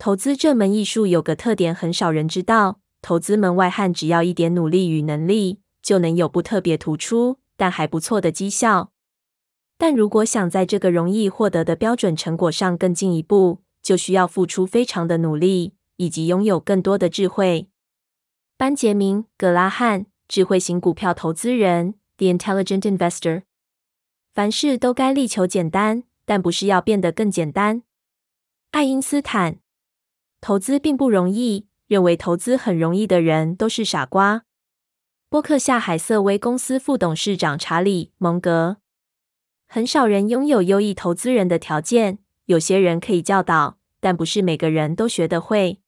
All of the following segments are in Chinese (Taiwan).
投資這門藝術有個特點，很少人知道。投資門外漢只要一點努力與能力，就能有不特別突出，但還不錯的績效。但如果想在這個容易獲得的標準成果上更進一步，就需要付出非常的努力，以及擁有更多的智慧。班傑明·格拉漢，智慧型股票投資人，《The Intelligent Investor》。凡事都該力求簡單，但不是要變得更簡單。愛因斯坦。投資並不容易。認為投資很容易的人都是傻瓜。波克夏·海瑟威公司副董事長查理·蒙格。很少人擁有優異投資人的條件。有些人可以教導，但不是每個人都學得會。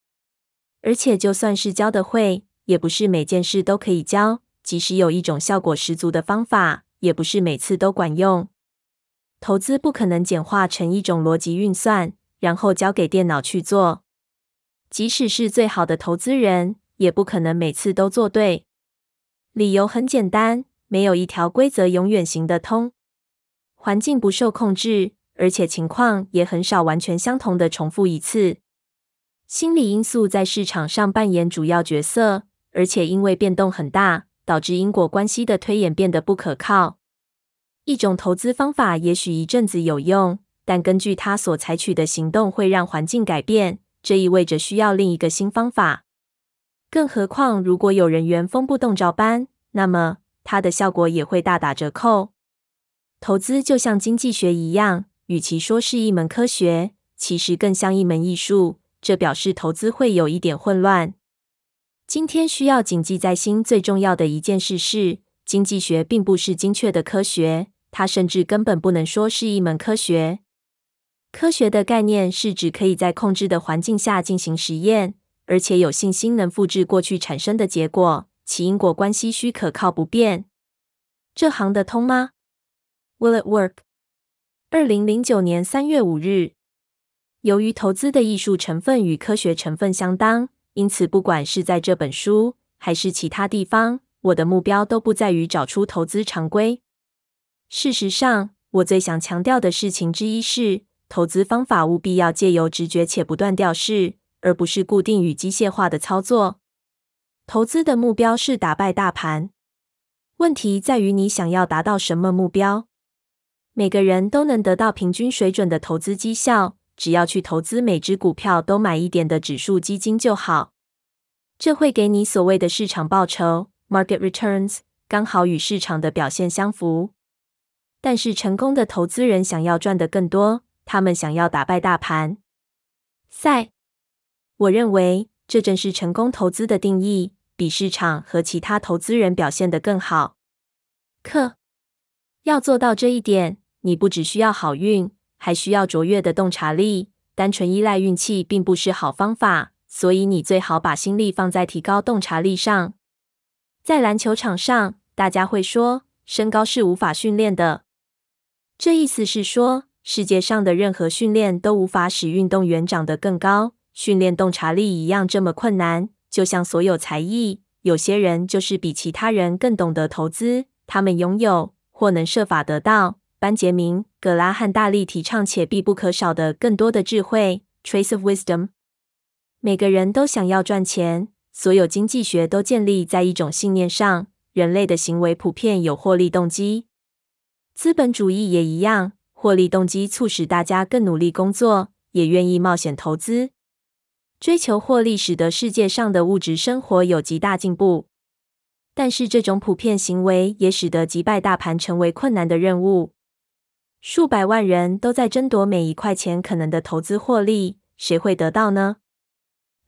而且，就算是教得會，也不是每件事都可以教。即使有一種效果十足的方法，也不是每次都管用。投資不可能簡化成一種邏輯運算，然後交給電腦去做。即使是最好的投資人，也不可能每次都做對。理由很簡單，沒有一條規則永遠行得通。環境不受控制，而且情況也很少完全相同的重複一次。心理因素在市場上扮演主要角色，而且因為變動很大，導致因果關係的推演變得不可靠。一種投資方法也許一陣子有用，但根據它所採取的行動，會讓環境改變。這意味着需要另一個新方法。更何況，如果有人原封不動照搬，那麼它的效果也會大打折扣。投資就像經濟學一樣，與其說是一門科學，其實更像一門藝術。這表示投資會有一點混亂。今天需要謹記在心最重要的一件事是：經濟學並不是精確的科學，它甚至根本不能說是一門科學。科學的概念是指可以在控制的環境下進行實驗，而且有信心能複製過去產生的結果，其因果關係需可靠不變。這行得通嗎？Will it work？二零零九年三月五日，由於投資的藝術成分與科學成分相當，因此不管是在這本書還是其他地方，我的目標都不在於找出投資常規。事實上，我最想強調的事情之一是。投資方法務必要借由直覺且不斷調適，而不是固定與機械化的操作。投資的目標是打敗大盤。問題在於你想要達到什麼目標？每個人都能得到平均水準的投資績效，只要去投資每隻股票都買一點的指數基金就好。這會給你所謂的市場報酬 （market returns），剛好與市場的表現相符。但是成功的投資人想要賺得更多。他們想要打敗大盤賽，我認為這正是成功投資的定義——比市場和其他投資人表現得更好。客要做到這一點，你不只需要好運，還需要卓越的洞察力。單純依賴運氣並不是好方法，所以你最好把心力放在提高洞察力上。在籃球場上，大家會說身高是無法訓練的，這意思是說。世界上的任何訓練都無法使運動員長得更高。訓練洞察力一樣這麼困難，就像所有才藝。有些人就是比其他人更懂得投資，他們擁有或能設法得到，班傑明·葛拉漢大力提倡且必不可少的更多的智慧 （trace of wisdom）。每個人都想要賺錢。所有經濟學都建立在一種信念上：人類的行為普遍有獲利動機。資本主義也一樣。獲利動機促使大家更努力工作，也願意冒險投資。追求獲利使得世界上的物質生活有極大進步，但是這種普遍行為也使得擊敗大盤成為困難的任務。數百萬人都在爭奪每一塊錢可能的投資獲利，誰會得到呢？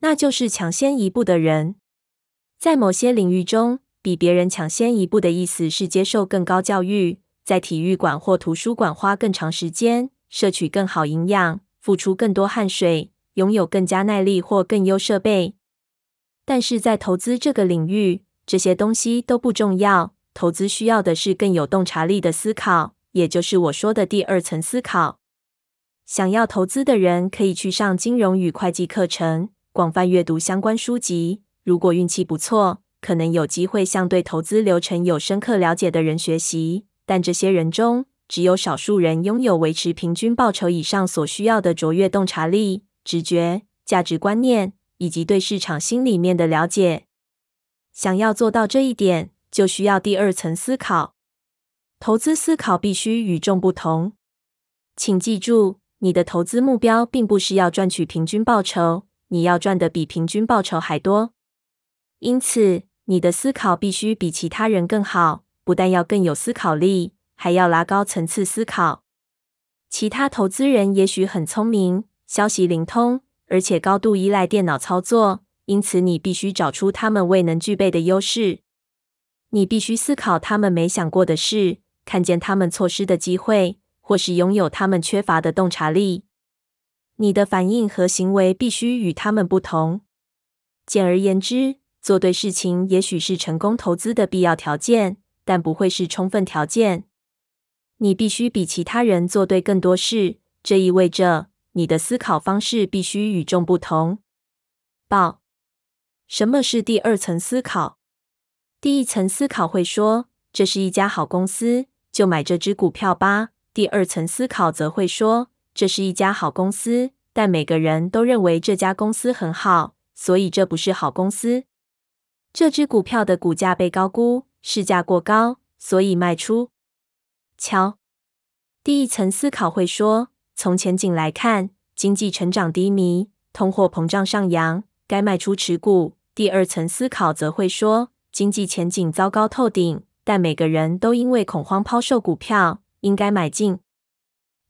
那就是搶先一步的人。在某些領域中，比別人搶先一步的意思是接受更高教育。在體育館或圖書館花更長時間，攝取更好營養，付出更多汗水，擁有更加耐力或更優設備。但是在投資這個領域，這些東西都不重要。投資需要的是更有洞察力的思考，也就是我說的第二層思考。想要投資的人可以去上金融與會計課程，廣泛閱讀相關書籍。如果運氣不錯，可能有機會向對投資流程有深刻了解的人學習。但這些人中，只有少數人擁有維持平均報酬以上所需要的卓越洞察力、直覺、價值觀念以及對市場心理面的了解。想要做到這一點，就需要第二層思考。投資思考必須與眾不同。請記住，你的投資目標並不是要賺取平均報酬，你要賺得比平均報酬還多。因此，你的思考必須比其他人更好。不但要更有思考力，還要拉高層次思考。其他投資人也許很聰明，消息靈通，而且高度依賴電腦操作，因此你必須找出他們未能具備的優勢。你必須思考他們沒想過的事，看見他們錯失的機會，或是擁有他們缺乏的洞察力。你的反應和行為必須與他們不同。簡而言之，做對事情也許是成功投資的必要條件。但不會是充分條件。你必須比其他人做對更多事。這意味着你的思考方式必須與眾不同。報，什麼是第二層思考？第一層思考會說：“這是一家好公司，就買這隻股票吧。”第二層思考則會說：“這是一家好公司，但每個人都認為這家公司很好，所以這不是好公司。這隻股票的股價被高估。”市價過高，所以賣出。瞧，第一層思考會說，從前景來看，經濟成長低迷，通貨膨脹上揚，該賣出持股。第二層思考則會說，經濟前景糟糕透頂，但每個人都因為恐慌拋售股票，應該買進。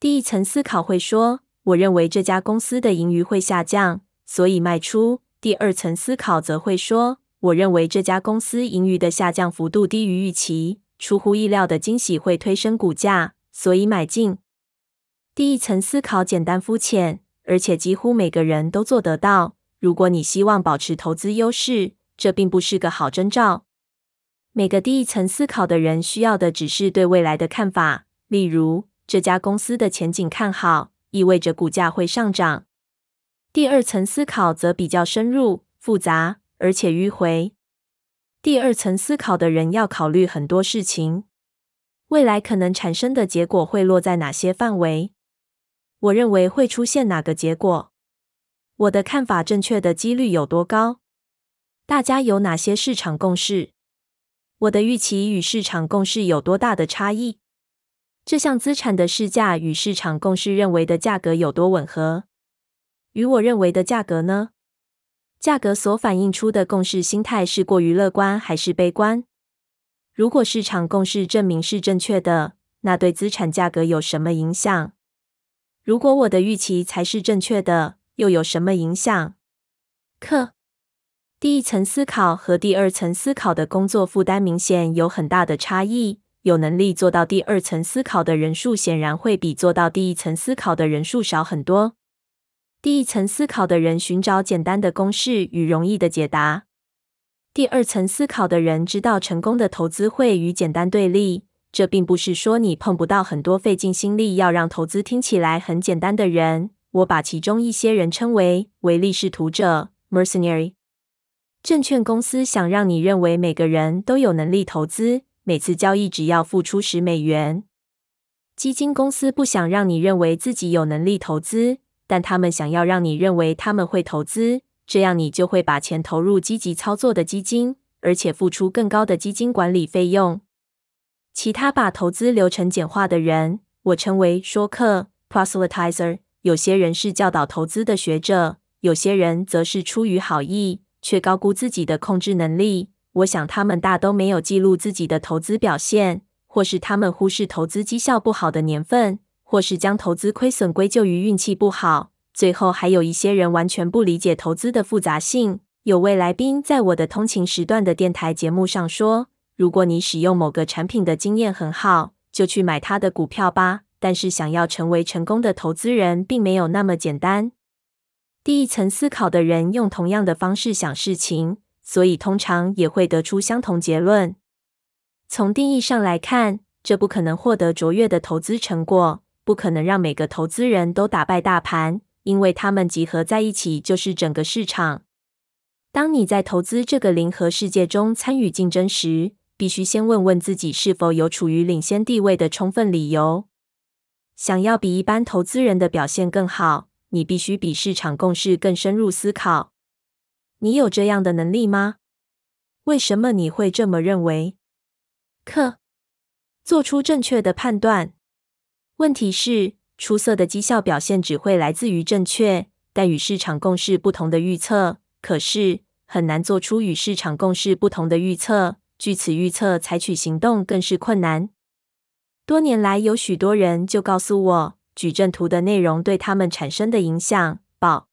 第一層思考會說，我認為這家公司的盈餘會下降，所以賣出。第二層思考則會說。我認為這家公司盈餘的下降幅度低於預期，出乎意料的驚喜會推升股價，所以買進。第一層思考簡單膚淺，而且幾乎每個人都做得到。如果你希望保持投資優勢，這並不是個好徵兆。每個第一層思考的人需要的只是對未來的看法，例如這家公司的前景看好，意味着股價會上漲。第二層思考則比較深入複雜。而且迂迴。第二層思考的人要考慮很多事情，未來可能產生的結果會落在哪些範圍？我認為會出現哪個結果？我的看法正確的幾率有多高？大家有哪些市場共識？我的預期與市場共識有多大的差異？這項資產的市價與市場共識認為的價格有多吻合？與我認為的價格呢？價格所反映出的共識心態是過於樂觀還是悲觀？如果市場共識證明是正確的，那對資產價格有什麼影響？如果我的預期才是正確的，又有什麼影響？可，第一層思考和第二層思考的工作負擔明顯有很大的差異，有能力做到第二層思考的人數顯然會比做到第一層思考的人數少很多。第一層思考的人尋找簡單的公式與容易的解答。第二層思考的人知道成功的投資會與簡單對立。這並不是說你碰不到很多費盡心力要讓投資聽起來很簡單的人。我把其中一些人稱為唯利是圖者 （Mercenary）。證券公司想讓你認為每個人都有能力投資，每次交易只要付出十美元。基金公司不想讓你認為自己有能力投資。但他們想要讓你認為他們會投資，這樣你就會把錢投入積極操作的基金，而且付出更高的基金管理費用。其他把投資流程簡化的人，我稱為說客 （Proselytizer）。Pros izer，有些人是教導投資的學者，有些人則是出於好意，卻高估自己的控制能力。我想他們大都沒有記錄自己的投資表現，或是他們忽視投資績效不好的年份。或是將投資虧損歸咎於運氣不好，最後還有一些人完全不理解投資的複雜性。有位來賓在我的通勤時段的電台節目上說：“如果你使用某個產品的經驗很好，就去買它的股票吧。”但是，想要成為成功的投資人，並沒有那麼簡單。第一層思考的人用同樣的方式想事情，所以通常也會得出相同結論。從定義上來看，這不可能獲得卓越的投資成果。不可能讓每個投資人都打敗大盤，因為他們集合在一起就是整個市場。當你在投資這個零和世界中參與競爭時，必須先問問自己是否有處於領先地位的充分理由。想要比一般投資人的表現更好，你必須比市場共識更深入思考。你有這樣的能力嗎？為什麼你會這麼認為？克，做出正確的判斷。問題是，出色的績效表現只會來自於正確但與市場共識不同的預測。可是，很難做出與市場共識不同的預測，據此預測採取行動更是困難。多年來，有許多人就告訴我，矩陣圖的內容對他們產生的影響。寶，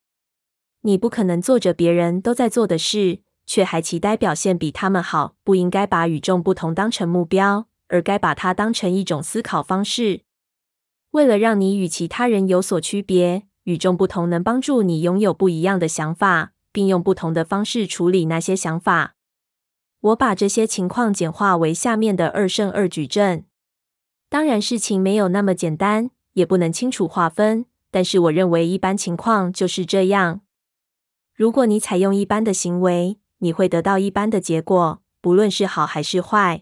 你不可能做着別人都在做的事，卻還期待表現比他們好。不應該把與眾不同當成目標，而該把它當成一種思考方式。為了讓你與其他人有所區別、與眾不同，能幫助你擁有不一樣的想法，並用不同的方式處理那些想法。我把這些情況簡化為下面的二乘二矩陣。當然，事情沒有那麼簡單，也不能清楚劃分。但是，我認為一般情況就是這樣：如果你採用一般的行為，你會得到一般的結果，不論是好還是壞。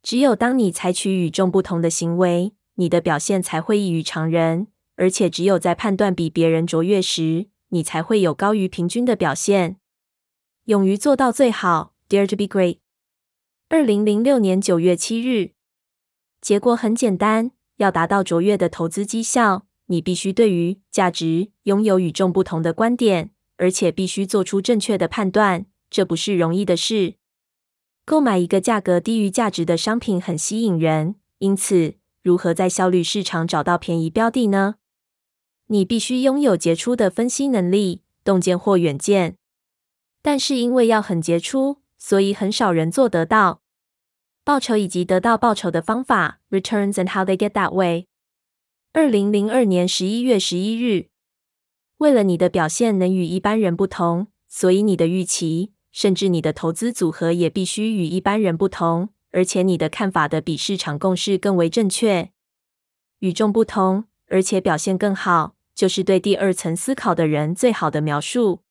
只有當你採取與眾不同的行為，你的表現才會異於常人，而且只有在判斷比別人卓越時，你才會有高於平均的表現。勇於做到最好，Dare to be great。二零零六年九月七日，結果很簡單：要達到卓越的投資績效，你必須對於價值擁有與眾不同的觀點，而且必須做出正確的判斷。這不是容易的事。購買一個價格低於價值的商品很吸引人，因此。如何在效率市場找到便宜標的呢？你必須擁有傑出的分析能力，洞見或遠見。但是因為要很傑出，所以很少人做得到。報酬以及得到報酬的方法，Returns and how they get that way。二零零二年十一月十一日，為了你的表現能與一般人不同，所以你的預期，甚至你的投資組合也必須與一般人不同。而且你的看法的比市場共識更為正確、與眾不同，而且表現更好，就是對第二層思考的人最好的描述。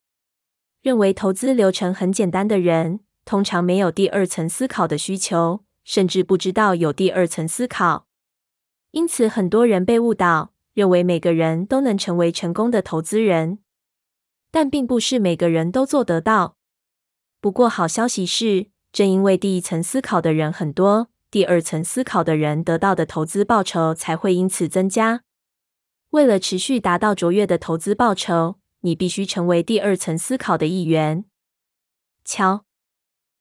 認為投資流程很簡單的人，通常沒有第二層思考的需求，甚至不知道有第二層思考。因此，很多人被誤導，認為每個人都能成為成功的投資人，但並不是每個人都做得到。不過，好消息是。正因為第一層思考的人很多，第二層思考的人得到的投資報酬才會因此增加。為了持續達到卓越的投資報酬，你必須成為第二層思考的一員。瞧。